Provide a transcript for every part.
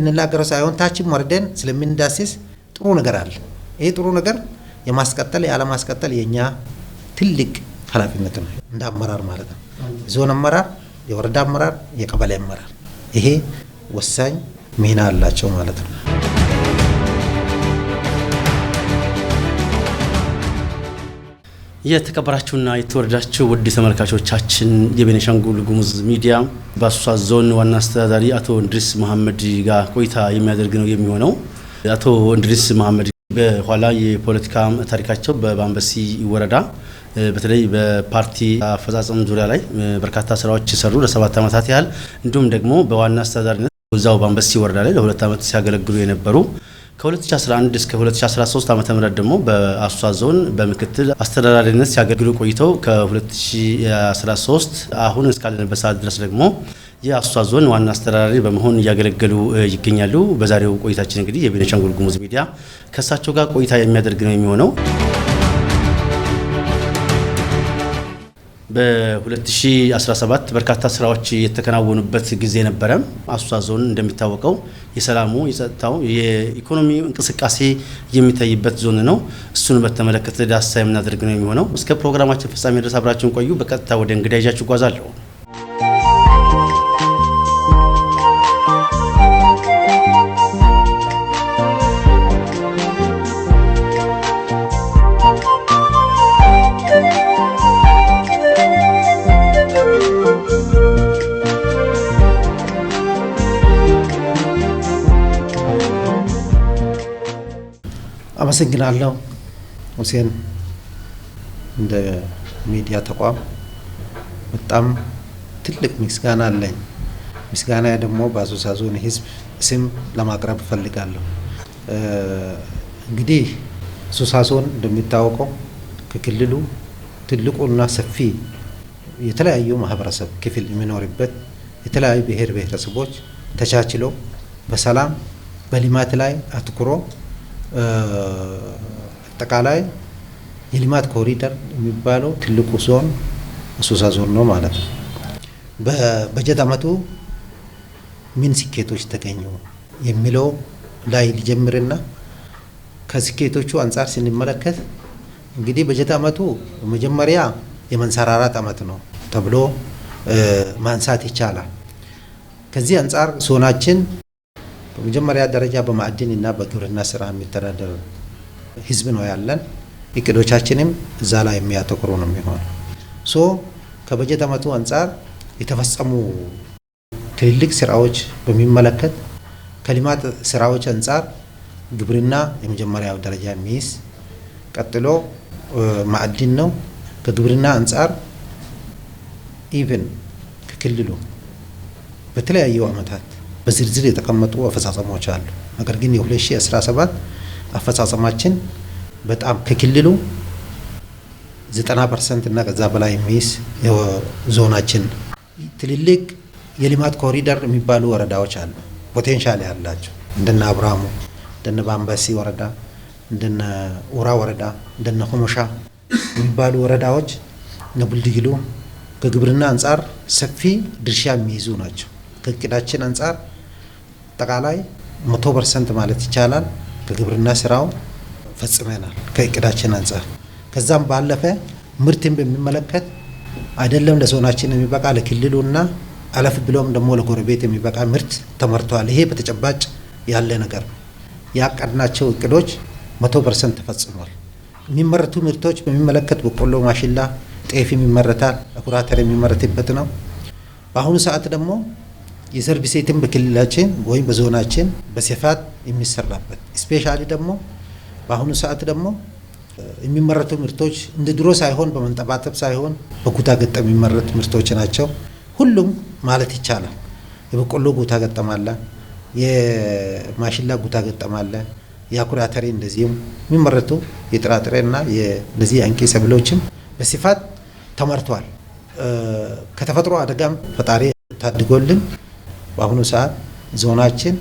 የምንናገረው ሳይሆን ታችም ወርደን ስለምንዳስስ ጥሩ ነገር አለ። ይህ ጥሩ ነገር የማስቀጠል ያለማስቀጠል የእኛ ትልቅ ኃላፊነት ነው፣ እንደ አመራር ማለት ነው። ዞን አመራር፣ የወረዳ አመራር፣ የቀበሌ አመራር ይሄ ወሳኝ ሚና አላቸው ማለት ነው። የተከበራችሁና የተወደዳችሁ ውድ ተመልካቾቻችን የቤኒሻንጉል ጉሙዝ ሚዲያ በአሶሳ ዞን ዋና አስተዳዳሪ አቶ እንድሪስ መሐመድ ጋር ቆይታ የሚያደርግ ነው የሚሆነው። አቶ እንድሪስ መሐመድ በኋላ የፖለቲካ ታሪካቸው በባንበሲ ወረዳ በተለይ በፓርቲ አፈጻጸም ዙሪያ ላይ በርካታ ስራዎች ሰሩ ለሰባት ዓመታት ያህል እንዲሁም ደግሞ በዋና አስተዳዳሪነት እዛው ባንበሲ ወረዳ ላይ ለሁለት ዓመት ሲያገለግሉ የነበሩ ከ2011 እስከ 2013 ዓ ም ደግሞ በአሶሳ ዞን በምክትል አስተዳዳሪነት ሲያገልግሉ ቆይተው ከ2013 አሁን እስካለንበት ሰዓት ድረስ ደግሞ የአሶሳ ዞን ዋና አስተዳዳሪ በመሆን እያገለገሉ ይገኛሉ። በዛሬው ቆይታችን እንግዲህ የቤኒሻንጉል ጉሙዝ ሚዲያ ከእሳቸው ጋር ቆይታ የሚያደርግ ነው የሚሆነው። በ2017 በርካታ ስራዎች የተከናወኑበት ጊዜ ነበረ። አሶሳ ዞን እንደሚታወቀው የሰላሙ፣ የጸጥታው፣ የኢኮኖሚ እንቅስቃሴ የሚታይበት ዞን ነው። እሱን በተመለከተ ዳሰሳ የምናደርግ ነው የሚሆነው። እስከ ፕሮግራማችን ፍጻሜ ድረስ አብራችን ቆዩ። በቀጥታ ወደ እንግዳ ይዣችሁ እጓዛለሁ። አመሰግናለሁ። ሁሴን እንደ ሚዲያ ተቋም በጣም ትልቅ ምስጋና አለኝ። ምስጋና ደግሞ በአሶሳ ዞን ህዝብ ስም ለማቅረብ እፈልጋለሁ። እንግዲህ አሶሳ ዞን እንደሚታወቀው ከክልሉ ትልቁና ሰፊ የተለያዩ ማህበረሰብ ክፍል የሚኖርበት የተለያዩ ብሔር ብሔረሰቦች ተቻችለው በሰላም በልማት ላይ አትኩሮ አጠቃላይ የልማት ኮሪደር የሚባለው ትልቁ ዞን አሶሳ ዞን ነው ማለት ነው። በበጀት ዓመቱ ምን ስኬቶች ተገኙ የሚለው ላይ ሊጀምርና ከስኬቶቹ አንጻር ስንመለከት እንግዲህ በጀት አመቱ መጀመሪያ የመንሰራራት አመት ነው ተብሎ ማንሳት ይቻላል። ከዚህ አንጻር ዞናችን በመጀመሪያ ደረጃ በማዕድን እና በግብርና ስራ የሚተዳደር ህዝብ ነው ያለን። እቅዶቻችንም እዛ ላይ የሚያተኩሩ ነው የሚሆን ሶ ከበጀት አመቱ አንጻር የተፈጸሙ ትልልቅ ስራዎች በሚመለከት ከልማት ስራዎች አንጻር ግብርና የመጀመሪያው ደረጃ የሚይዝ ቀጥሎ ማዕድን ነው። ከግብርና አንጻር ኢቨን ከክልሉ በተለያዩ አመታት። በዝርዝር የተቀመጡ አፈጻጸሞች አሉ። ነገር ግን የ2017 አፈጻጸማችን በጣም ከክልሉ 90 ፐርሰንት እና ከዛ በላይ የሚይዝ ዞናችን ትልልቅ የልማት ኮሪደር የሚባሉ ወረዳዎች አሉ። ፖቴንሻል ያላቸው እንደነ አብርሃሙ እንደነ ባምባሲ ወረዳ፣ እንደነ ኡራ ወረዳ፣ እንደነ ሆሞሻ የሚባሉ ወረዳዎች ነቡልድግሉ ከግብርና አንጻር ሰፊ ድርሻ የሚይዙ ናቸው። ከእቅዳችን አንጻር አጠቃላይ መቶ ፐርሰንት ማለት ይቻላል በግብርና ስራው ፈጽመናል ከእቅዳችን አንጻር። ከዛም ባለፈ ምርትን በሚመለከት አይደለም ለዞናችን የሚበቃ ለክልሉና አለፍ ብሎም ደግሞ ለጎረቤት የሚበቃ ምርት ተመርተዋል። ይሄ በተጨባጭ ያለ ነገር ነው። ያቀድናቸው እቅዶች መቶ ፐርሰንት ተፈጽሟል። የሚመረቱ ምርቶች በሚመለከት በቆሎ፣ ማሽላ፣ ጤፍ ይመረታል። አኩራተር የሚመረትበት ነው። በአሁኑ ሰዓት ደግሞ የሰርቪስ ኤትን በክልላችን ወይም በዞናችን በስፋት የሚሰራበት ስፔሻሊ ደግሞ በአሁኑ ሰዓት ደግሞ የሚመረቱ ምርቶች እንደ ድሮ ሳይሆን በመንጠባጠብ ሳይሆን በጉታ ገጠም የሚመረቱ ምርቶች ናቸው። ሁሉም ማለት ይቻላል የበቆሎ ጉታ ገጠም የማሽላ ጉታ ገጠም አለ፣ የአኩሪ አተር እንደዚህም የሚመረቱ የጥራጥሬና እንደዚህ የአንቂ ሰብሎችም በስፋት ተመርተዋል። ከተፈጥሮ አደጋም ፈጣሪ ታድጎልን በአሁኑ ሰዓት ዞናችን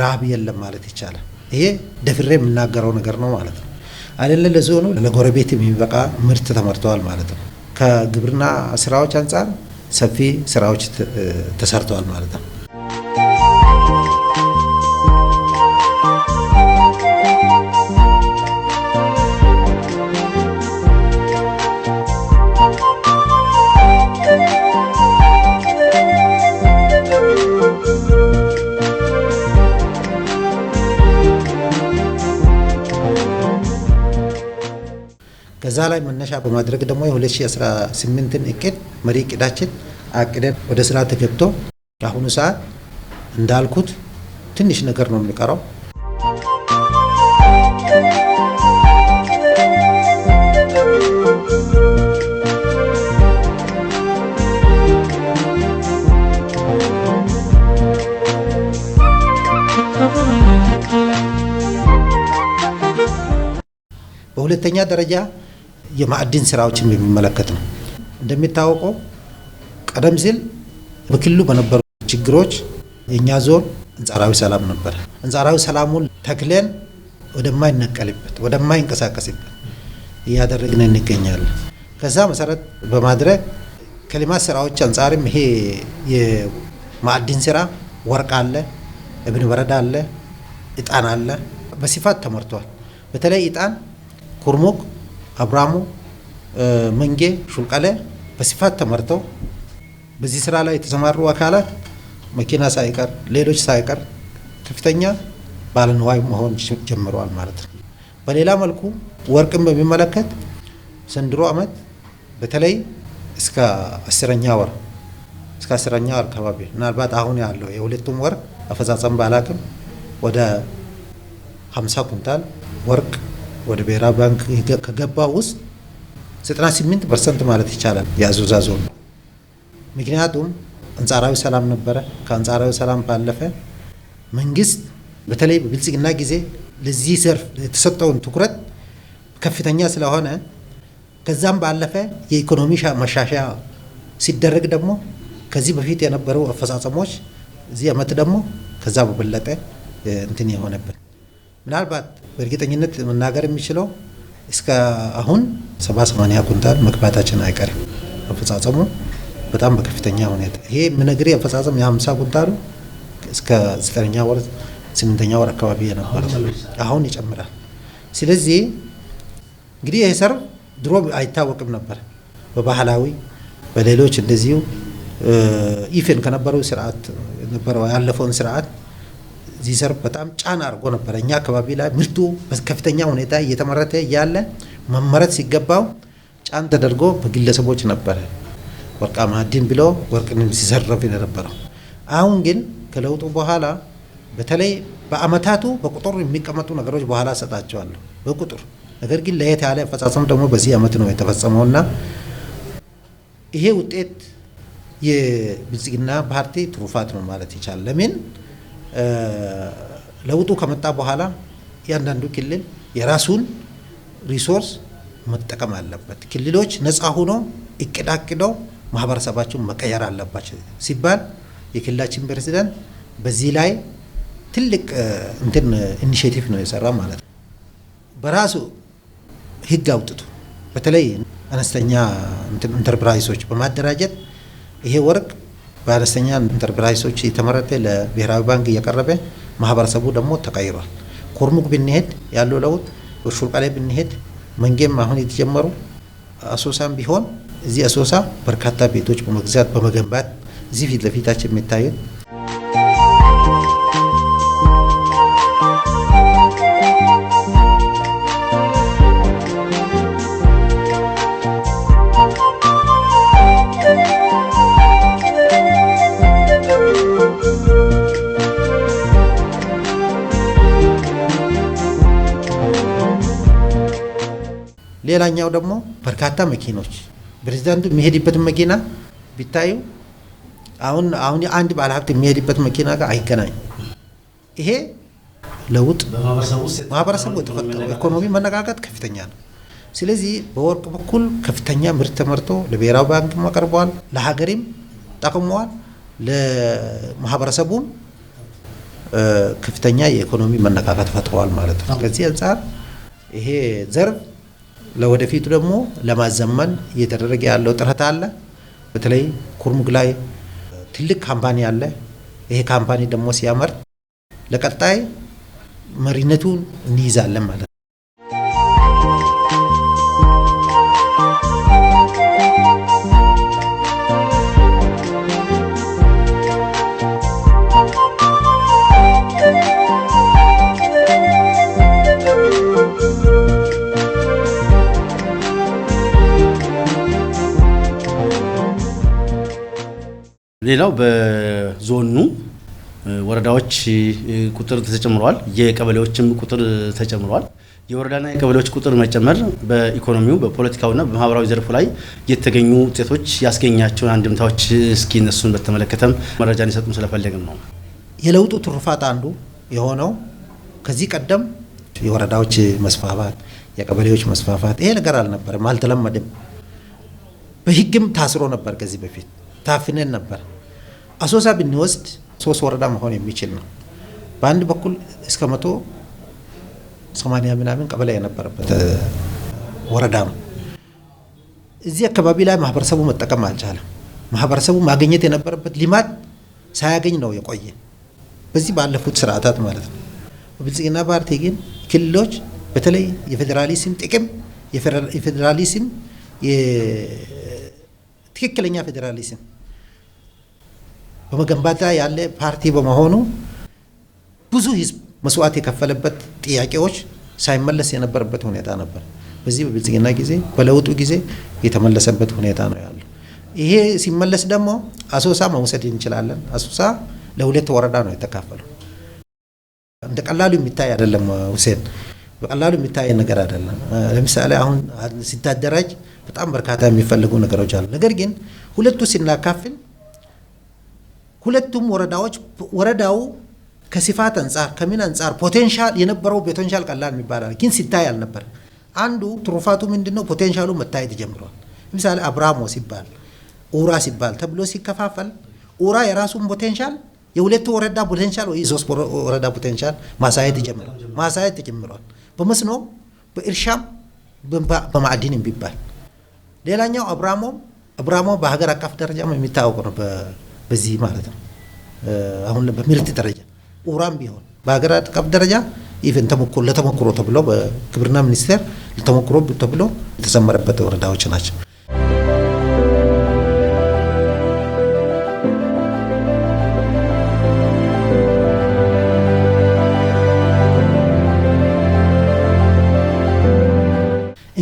ረሃብ የለም ማለት ይቻላል። ይሄ ደፍሬ የምናገረው ነገር ነው ማለት ነው። አይደለ ለዞኑ ለጎረቤት የሚበቃ ምርት ተመርተዋል ማለት ነው። ከግብርና ስራዎች አንጻር ሰፊ ስራዎች ተሰርተዋል ማለት ነው። Zala mana siapa mau terkita mau oleh si asra semintin ikut mari akhirnya pada selat terkita kahunu saat dal negar nomi karo. Boleh tanya darah የማዕድን ስራዎችን የሚመለከት ነው። እንደሚታወቀው ቀደም ሲል በክልሉ በነበሩ ችግሮች የእኛ ዞን አንጻራዊ ሰላም ነበር። አንጻራዊ ሰላሙን ተክለን ወደማይነቀልበት ወደማይንቀሳቀስበት እያደረግን እንገኛለን። ከዛ መሰረት በማድረግ ከልማት ስራዎች አንጻርም ይሄ የማዕድን ስራ ወርቅ አለ፣ እብን በረድ አለ፣ እጣን አለ በስፋት ተመርቷል። በተለይ እጣን ኩርሙክ አብርሃሙ መንጌ፣ ሹልቀለ በስፋት ተመርተው በዚህ ስራ ላይ የተሰማሩ አካላት መኪና ሳይቀር ሌሎች ሳይቀር ከፍተኛ ባለንዋይ መሆን ጀምረዋል ማለት ነው። በሌላ መልኩ ወርቅን በሚመለከት ዘንድሮ ዓመት በተለይ እስከ አስረኛ ወር እስከ አስረኛ ወር አካባቢ ምናልባት አሁን ያለው የሁለቱም ወር አፈጻጸም ባላቅም ወደ 50 ኩንታል ወርቅ ወደ ብሔራዊ ባንክ ከገባው ውስጥ 98 ፐርሰንት ማለት ይቻላል የአዙዛ ዞን ነው። ምክንያቱም አንጻራዊ ሰላም ነበረ። ከአንጻራዊ ሰላም ባለፈ መንግስት በተለይ በብልጽግና ጊዜ ለዚህ ዘርፍ የተሰጠውን ትኩረት ከፍተኛ ስለሆነ ከዛም ባለፈ የኢኮኖሚ መሻሻያ ሲደረግ ደግሞ ከዚህ በፊት የነበሩ አፈጻጸሞች እዚህ ዓመት ደግሞ ከዛ በበለጠ እንትን የሆነብን ምናልባት በእርግጠኝነት መናገር የሚችለው እስከ አሁን ሰባ ሰማንያ ኩንታል መግባታችን አይቀርም። አፈጻጸሙ በጣም በከፍተኛ ሁኔታ ይሄ ምነግሬ አፈጻጸም የሀምሳ ኩንታሉ እስከ ዘጠነኛ ወር ስምንተኛ ወር አካባቢ የነበረ አሁን ይጨምራል። ስለዚህ እንግዲህ ይህ ሰር ድሮ አይታወቅም ነበር በባህላዊ በሌሎች እንደዚሁ ኢፌን ከነበረው ስርዓት ነበረው ያለፈውን ስርዓት እዚህ ዘርፍ በጣም ጫና አድርጎ ነበረ። እኛ አካባቢ ላይ ምርቱ በከፍተኛ ሁኔታ እየተመረተ ያለ መመረት ሲገባው ጫን ተደርጎ በግለሰቦች ነበረ ወርቃ ማዕድን ብሎ ወርቅንም ሲዘረፍ የነበረው። አሁን ግን ከለውጡ በኋላ በተለይ በአመታቱ በቁጥር የሚቀመጡ ነገሮች በኋላ እሰጣቸዋለሁ በቁጥር ነገር ግን ለየት ያለ አፈጻጸም ደግሞ በዚህ አመት ነው የተፈጸመውና ይሄ ውጤት የብልጽግና ፓርቲ ትሩፋት ነው ማለት ይቻላል። ለምን ለውጡ ከመጣ በኋላ እያንዳንዱ ክልል የራሱን ሪሶርስ መጠቀም አለበት። ክልሎች ነፃ ሆኖ እቅድ አቅደው ማህበረሰባቸውን መቀየር አለባቸው ሲባል የክልላችን ፕሬዚደንት በዚህ ላይ ትልቅ እንትን ኢኒሽቲቭ ነው የሰራ ማለት ነው። በራሱ ህግ አውጥቶ በተለይ አነስተኛ ኢንተርፕራይዞች በማደራጀት ይሄ ወርቅ በአነስተኛ ኢንተርፕራይሶች የተመረተ ለብሔራዊ ባንክ እየቀረበ ማህበረሰቡ ደግሞ ተቀይሯል። ኩርሙክ ብንሄድ ያለው ለውጥ፣ ሹርቃ ላይ ብንሄድ፣ መንጌም አሁን የተጀመሩ አሶሳም ቢሆን እዚህ አሶሳ በርካታ ቤቶች በመግዛት በመገንባት እዚህ ፊት ለፊታችን የሚታዩት ሌላኛው ደግሞ በርካታ መኪኖች ፕሬዚዳንቱ የሚሄድበት መኪና ቢታዩ አሁን አሁን አንድ ባለሀብት የሚሄድበት መኪና ጋር አይገናኝ። ይሄ ለውጥ ማህበረሰቡ የተፈጠረው ኢኮኖሚ መነቃቃት ከፍተኛ ነው። ስለዚህ በወርቅ በኩል ከፍተኛ ምርት ተመርቶ ለብሔራዊ ባንክ አቀርበዋል፣ ለሀገሪም ጠቅመዋል፣ ለማህበረሰቡም ከፍተኛ የኢኮኖሚ መነቃቃት ፈጥረዋል ማለት ነው። ከዚህ አንጻር ይሄ ዘርፍ ለወደፊቱ ደግሞ ለማዘመን እየተደረገ ያለው ጥረት አለ። በተለይ ኩርሙግ ላይ ትልቅ ካምፓኒ አለ። ይሄ ካምፓኒ ደግሞ ሲያመርት ለቀጣይ መሪነቱን እንይዛለን ማለት ነው። ሌላው በዞኑ ወረዳዎች ቁጥር ተጨምረዋል። የቀበሌዎችም ቁጥር ተጨምረዋል። የወረዳና የቀበሌዎች ቁጥር መጨመር በኢኮኖሚው በፖለቲካውና በማህበራዊ ዘርፉ ላይ የተገኙ ውጤቶች ያስገኛቸውን አንድምታዎች እስኪ እነሱን በተመለከተም መረጃ እንዲሰጡም ስለፈለግም ነው። የለውጡ ትሩፋት አንዱ የሆነው ከዚህ ቀደም የወረዳዎች መስፋፋት፣ የቀበሌዎች መስፋፋት ይሄ ነገር አልነበረም፣ አልተለመድም። በህግም ታስሮ ነበር። ከዚህ በፊት ታፍነን ነበር። አሶሳ ብንወስድ ሶስት ወረዳ መሆን የሚችል ነው። በአንድ በኩል እስከ መቶ ሰማንያ ምናምን ቀበሌ የነበረበት ወረዳ ነው። እዚህ አካባቢ ላይ ማህበረሰቡ መጠቀም አልቻለም። ማህበረሰቡ ማግኘት የነበረበት ልማት ሳያገኝ ነው የቆየ በዚህ ባለፉት ስርዓታት ማለት ነው። ብልጽግና ፓርቲ ግን ክልሎች በተለይ የፌዴራሊዝም ጥቅም የፌዴራሊዝም ትክክለኛ ፌዴራሊዝም በመገንባት ላይ ያለ ፓርቲ በመሆኑ ብዙ ህዝብ መስዋዕት የከፈለበት ጥያቄዎች ሳይመለስ የነበረበት ሁኔታ ነበር። በዚህ በብልጽግና ጊዜ በለውጡ ጊዜ የተመለሰበት ሁኔታ ነው ያሉ። ይሄ ሲመለስ ደግሞ አሶሳ መውሰድ እንችላለን። አሶሳ ለሁለት ወረዳ ነው የተካፈለው። እንደ ቀላሉ የሚታይ አይደለም። ሁሴን በቀላሉ የሚታይ ነገር አይደለም። ለምሳሌ አሁን ሲታደራጅ በጣም በርካታ የሚፈልጉ ነገሮች አሉ። ነገር ግን ሁለቱ ሲናካፍል ሁለቱም ወረዳዎች ወረዳው ከስፋት አንጻር ከምን አንጻር ፖቴንሻል የነበረው ፖቴንሻል ቀላል የሚባላል ግን ሲታይ አልነበር። አንዱ ትሩፋቱ ምንድነው? ፖቴንሻሉ መታየት ጀምሯል። ለምሳሌ አብራሞ ሲባል ኡራ ሲባል ተብሎ ሲከፋፈል ኡራ የራሱን ፖቴንሻል የሁለቱ ወረዳ ፖቴንሻል ወይ ሶስት ወረዳ ፖቴንሻል ማሳየት ጀምሯል ማሳየት ጀምሯል። በመስኖ በእርሻም በማዕድን ቢባል ሌላኛው አብራሞ አብራሞ በሀገር አቀፍ ደረጃ የሚታወቅ ነው። በዚህ ማለት ነው። አሁን በሚልት ደረጃ ኡራም ቢሆን በሀገር አቀፍ ደረጃ ኢቨን ተሞክሮ ለተሞክሮ ተብሎ በግብርና ሚኒስቴር ለተሞክሮ ተብሎ የተሰመረበት ወረዳዎች ናቸው።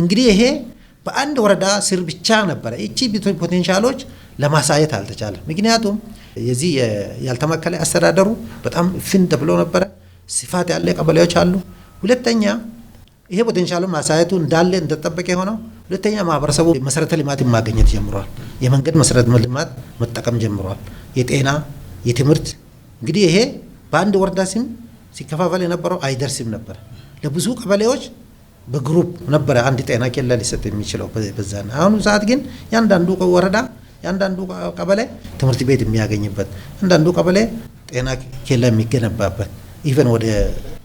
እንግዲህ ይሄ በአንድ ወረዳ ስር ብቻ ነበረ። ይቺ ፖቴንሻሎች ለማሳየት አልተቻለም። ምክንያቱም የዚህ ያልተማከለ አስተዳደሩ በጣም ፍን ተብሎ ነበረ። ስፋት ያለ ቀበሌዎች አሉ። ሁለተኛ ይሄ ፖቴንሻሉ ማሳየቱ እንዳለ እንደተጠበቀ የሆነው ሁለተኛ ማህበረሰቡ መሰረተ ልማት ማገኘት ጀምሯል። የመንገድ መሰረተ ልማት መጠቀም ጀምሯል። የጤና፣ የትምህርት እንግዲህ ይሄ በአንድ ወረዳ ስም ሲከፋፈል የነበረው አይደርስም ነበር። ለብዙ ቀበሌዎች በግሩፕ ነበረ አንድ ጤና ኬላ ሊሰጥ የሚችለው በዛ። አሁኑ ሰዓት ግን ያንዳንዱ ወረዳ የአንዳንዱ ቀበሌ ትምህርት ቤት የሚያገኝበት፣ አንዳንዱ ቀበሌ ጤና ኬላ የሚገነባበት ኢቨን ወደ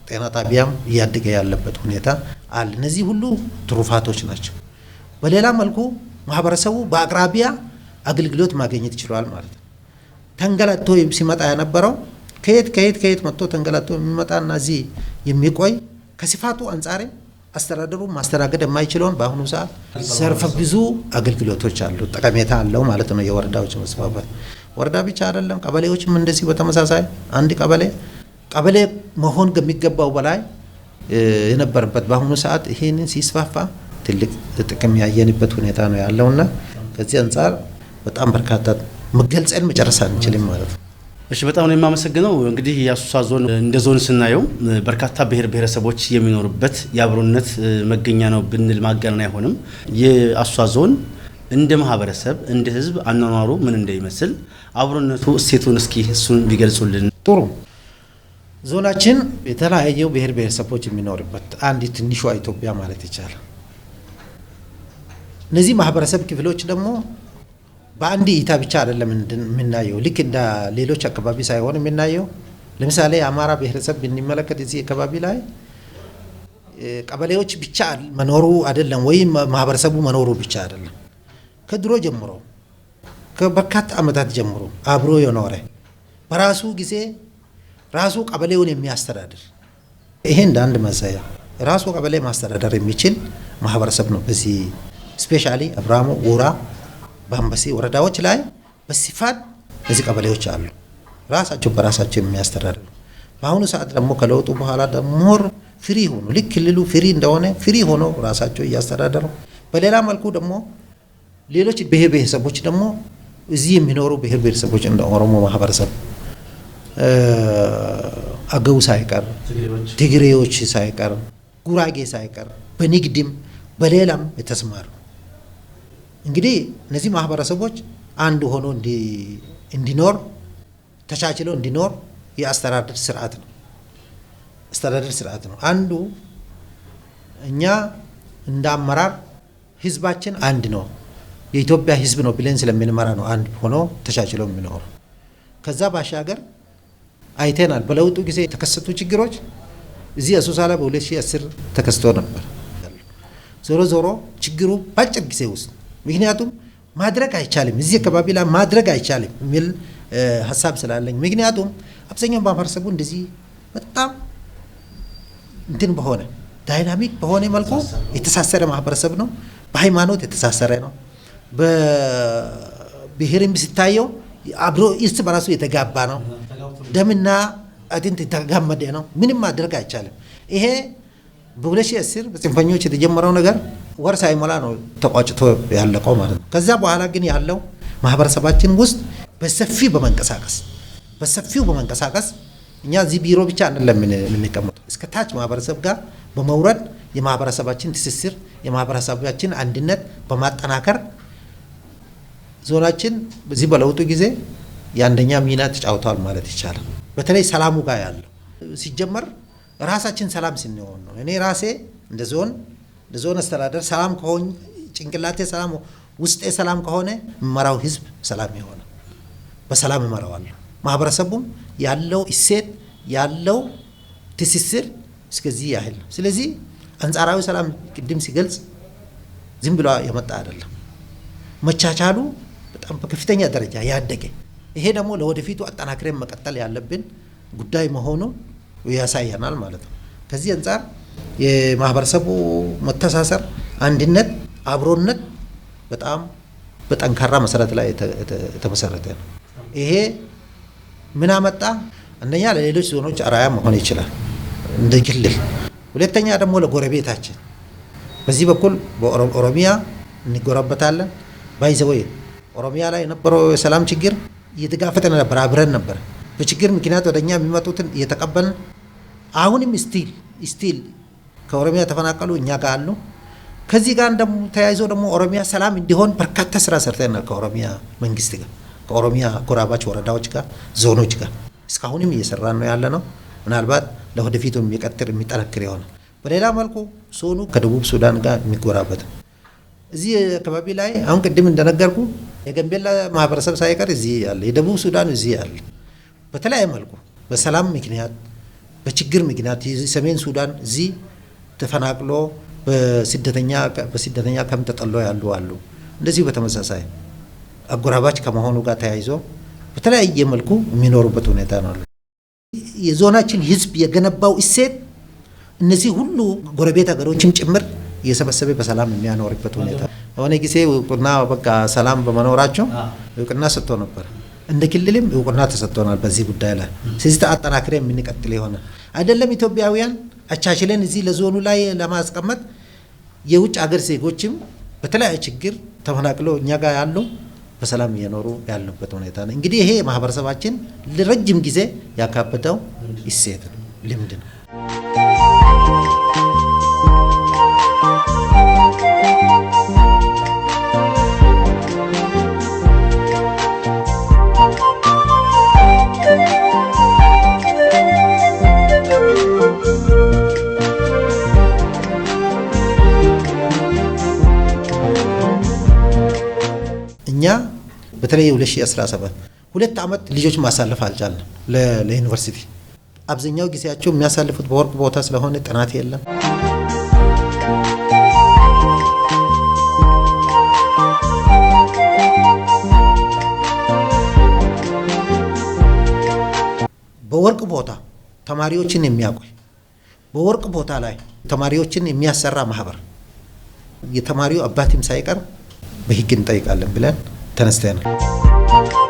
ጤና ጣቢያም እያደገ ያለበት ሁኔታ አለ። እነዚህ ሁሉ ትሩፋቶች ናቸው። በሌላ መልኩ ማህበረሰቡ በአቅራቢያ አገልግሎት ማግኘት ይችላል ማለት ነው። ተንገላቶ ሲመጣ የነበረው ከየት ከየት ከየት መጥቶ ተንገላቶ የሚመጣና እዚህ የሚቆይ ከስፋቱ አንጻሬ አስተዳደሩ ማስተናገድ የማይችለውን በአሁኑ ሰዓት ዘርፈ ብዙ አገልግሎቶች አሉ፣ ጠቀሜታ አለው ማለት ነው። የወረዳዎች መስፋፋት ወረዳ ብቻ አይደለም፣ ቀበሌዎችም እንደዚህ በተመሳሳይ አንድ ቀበሌ ቀበሌ መሆን ከሚገባው በላይ የነበረበት በአሁኑ ሰዓት ይህንን ሲስፋፋ ትልቅ ጥቅም ያየንበት ሁኔታ ነው ያለውና ከዚህ አንጻር በጣም በርካታ መገልጸን መጨረስ አንችልም ማለት ነው። እሺ በጣም ነው የማመሰግነው። እንግዲህ የአሶሳ ዞን እንደ ዞን ስናየው በርካታ ብሔር ብሔረሰቦች የሚኖሩበት የአብሮነት መገኛ ነው ብንል ማጋነን አይሆንም። የአሶሳ ዞን እንደ ማህበረሰብ እንደ ህዝብ አኗኗሩ ምን እንደሚመስል አብሮነቱ እሴቱን እስኪ እሱን ቢገልጹልን ጥሩ። ዞናችን የተለያየው ብሔር ብሔረሰቦች የሚኖርበት አንድ ትንሿ ኢትዮጵያ ማለት ይቻላል። እነዚህ ማህበረሰብ ክፍሎች ደግሞ በአንድ እይታ ብቻ አይደለም የምናየው። ልክ እንደ ሌሎች አካባቢ ሳይሆን የምናየው ለምሳሌ የአማራ ብሔረሰብ ብንመለከት እዚህ አካባቢ ላይ ቀበሌዎች ብቻ መኖሩ አይደለም ወይም ማህበረሰቡ መኖሩ ብቻ አይደለም። ከድሮ ጀምሮ ከበርካታ ዓመታት ጀምሮ አብሮ የኖረ በራሱ ጊዜ ራሱ ቀበሌውን የሚያስተዳድር ይሄ እንደ አንድ መሳያ ራሱ ቀበሌ ማስተዳደር የሚችል ማህበረሰብ ነው። በዚህ ስፔሻሊ አብራሞ ውራ በአምበሲ ወረዳዎች ላይ በስፋት እዚህ ቀበሌዎች አሉ። ራሳቸው በራሳቸው የሚያስተዳድሩ በአሁኑ ሰዓት ደግሞ ከለውጡ በኋላ ደግሞ ፍሪ ሆኑ ልክ ክልሉ ፍሪ እንደሆነ ፍሪ ሆኖ ራሳቸው እያስተዳደሩ በሌላ መልኩ ደግሞ ሌሎች ብሔር ብሔረሰቦች ደግሞ እዚህ የሚኖሩ ብሔር ብሔረሰቦች እንደ ኦሮሞ ማህበረሰብ አገው ሳይቀር ትግሬዎች ሳይቀር ጉራጌ ሳይቀር በንግድም በሌላም የተስማሩ እንግዲህ እነዚህ ማህበረሰቦች አንድ ሆኖ እንዲኖር ተቻችሎ እንዲኖር የአስተዳደር ስርዓት ነው። አስተዳደር ስርዓት ነው። አንዱ እኛ እንደ አመራር ህዝባችን አንድ ነው፣ የኢትዮጵያ ህዝብ ነው ብለን ስለምንመራ ነው አንድ ሆኖ ተቻችሎ የሚኖሩ። ከዛ ባሻገር አይተናል። በለውጡ ጊዜ የተከሰቱ ችግሮች እዚህ አሶሳ ላይ በ2010 ተከስቶ ነበር። ዞሮ ዞሮ ችግሩ በአጭር ጊዜ ውስጥ ምክንያቱም ማድረግ አይቻልም፣ እዚህ አካባቢ ላይ ማድረግ አይቻልም የሚል ሀሳብ ስላለኝ ምክንያቱም አብዛኛው ማህበረሰቡ እንደዚህ በጣም እንትን በሆነ ዳይናሚክ በሆነ መልኩ የተሳሰረ ማህበረሰብ ነው። በሃይማኖት የተሳሰረ ነው። በብሔርም ስታየው አብሮ እርስ በራሱ የተጋባ ነው። ደምና አጥንት የተጋመደ ነው። ምንም ማድረግ አይቻልም ይሄ በ2010 በጽንፈኞች የተጀመረው ነገር ወር ሳይሞላ ነው ተቋጭቶ ያለቀው ማለት ነው። ከዛ በኋላ ግን ያለው ማህበረሰባችን ውስጥ በሰፊው በመንቀሳቀስ በሰፊው በመንቀሳቀስ እኛ እዚህ ቢሮ ብቻ አይደለም የምንቀመጠው እስከ ታች ማህበረሰብ ጋር በመውረድ የማህበረሰባችን ትስስር የማህበረሰባችን አንድነት በማጠናከር ዞናችን በዚህ በለውጡ ጊዜ የአንደኛ ሚና ተጫውተዋል ማለት ይቻላል። በተለይ ሰላሙ ጋር ያለው ሲጀመር ራሳችን ሰላም ስንሆን ነው። እኔ ራሴ እንደ ዞን እንደ ዞን አስተዳደር ሰላም ከሆኝ ጭንቅላቴ ሰላም ውስጤ ሰላም ከሆነ የምመራው ህዝብ ሰላም የሆነ በሰላም እመራዋለሁ። ማህበረሰቡም ያለው እሴት ያለው ትስስር እስከዚህ ያህል ነው። ስለዚህ አንጻራዊ ሰላም ቅድም ሲገልጽ ዝም ብሎ የመጣ አይደለም። መቻቻሉ በጣም በከፍተኛ ደረጃ ያደገ፣ ይሄ ደግሞ ለወደፊቱ አጠናክረን መቀጠል ያለብን ጉዳይ መሆኑ ያሳየናል ማለት ነው። ከዚህ አንጻር የማህበረሰቡ መተሳሰር፣ አንድነት፣ አብሮነት በጣም በጠንካራ መሰረት ላይ የተመሰረተ ነው። ይሄ ምን አመጣ? አንደኛ ለሌሎች ዞኖች አርአያ መሆን ይችላል እንደ ክልል፣ ሁለተኛ ደግሞ ለጎረቤታችን። በዚህ በኩል በኦሮሚያ እንጎረበታለን ባይዘወይ ኦሮሚያ ላይ የነበረው የሰላም ችግር እየተጋፈጠ ነበር፣ አብረን ነበር። በችግር ምክንያት ወደኛ የሚመጡትን እየተቀበልን አሁንም ስቲል ስቲል ከኦሮሚያ ተፈናቀሉ እኛ ጋር አሉ። ከዚህ ጋር ደግሞ ተያይዞ ደግሞ ኦሮሚያ ሰላም እንዲሆን በርካታ ስራ ሰርተናል። ከኦሮሚያ መንግስት ጋር፣ ከኦሮሚያ ጎራባች ወረዳዎች ጋር፣ ዞኖች ጋር እስካሁንም እየሰራን ነው ያለ ነው። ምናልባት ለወደፊቱ የሚቀጥር የሚጠነክር ይሆናል። በሌላ መልኩ ዞኑ ከደቡብ ሱዳን ጋር የሚጎራበት እዚህ አካባቢ ላይ አሁን ቅድም እንደነገርኩ የገንቤላ ማህበረሰብ ሳይቀር እዚህ ያለ የደቡብ ሱዳን እዚህ ያለ በተለያየ መልኩ በሰላም ምክንያት በችግር ምክንያት የሰሜን ሱዳን እዚህ ተፈናቅሎ በስደተኛ ከም ተጠሎ ያሉ አሉ። እንደዚሁ በተመሳሳይ አጎራባች ከመሆኑ ጋር ተያይዞ በተለያየ መልኩ የሚኖሩበት ሁኔታ ነው። የዞናችን ህዝብ የገነባው እሴት እነዚህ ሁሉ ጎረቤት ሀገሮችም ጭምር እየሰበሰበ በሰላም የሚያኖርበት ሁኔታ ሆነ ጊዜ እውቅና በቃ ሰላም በመኖራቸው እውቅና ሰጥቶ ነበር። እንደ ክልልም እውቅና ተሰጥቶናል በዚህ ጉዳይ ላይ። ስለዚህ አጠናክረን የምንቀጥል የሆነ አይደለም ኢትዮጵያውያን አቻችለን እዚህ ለዞኑ ላይ ለማስቀመጥ የውጭ ሀገር ዜጎችም በተለያየ ችግር ተፈናቅሎ እኛ ጋር ያሉ በሰላም እየኖሩ ያሉበት ሁኔታ ነው። እንግዲህ ይሄ ማህበረሰባችን ለረጅም ጊዜ ያካበተው እሴት ነው፣ ልምድ ነው። በተለይ 2017 ሁለት ዓመት ልጆች ማሳለፍ አልቻለም። ለዩኒቨርሲቲ አብዛኛው ጊዜያቸው የሚያሳልፉት በወርቅ ቦታ ስለሆነ ጥናት የለም። በወርቅ ቦታ ተማሪዎችን የሚያቆይ በወርቅ ቦታ ላይ ተማሪዎችን የሚያሰራ ማህበር የተማሪው አባትም ሳይቀር በህግ እንጠይቃለን ብለን ተነስተ ነው።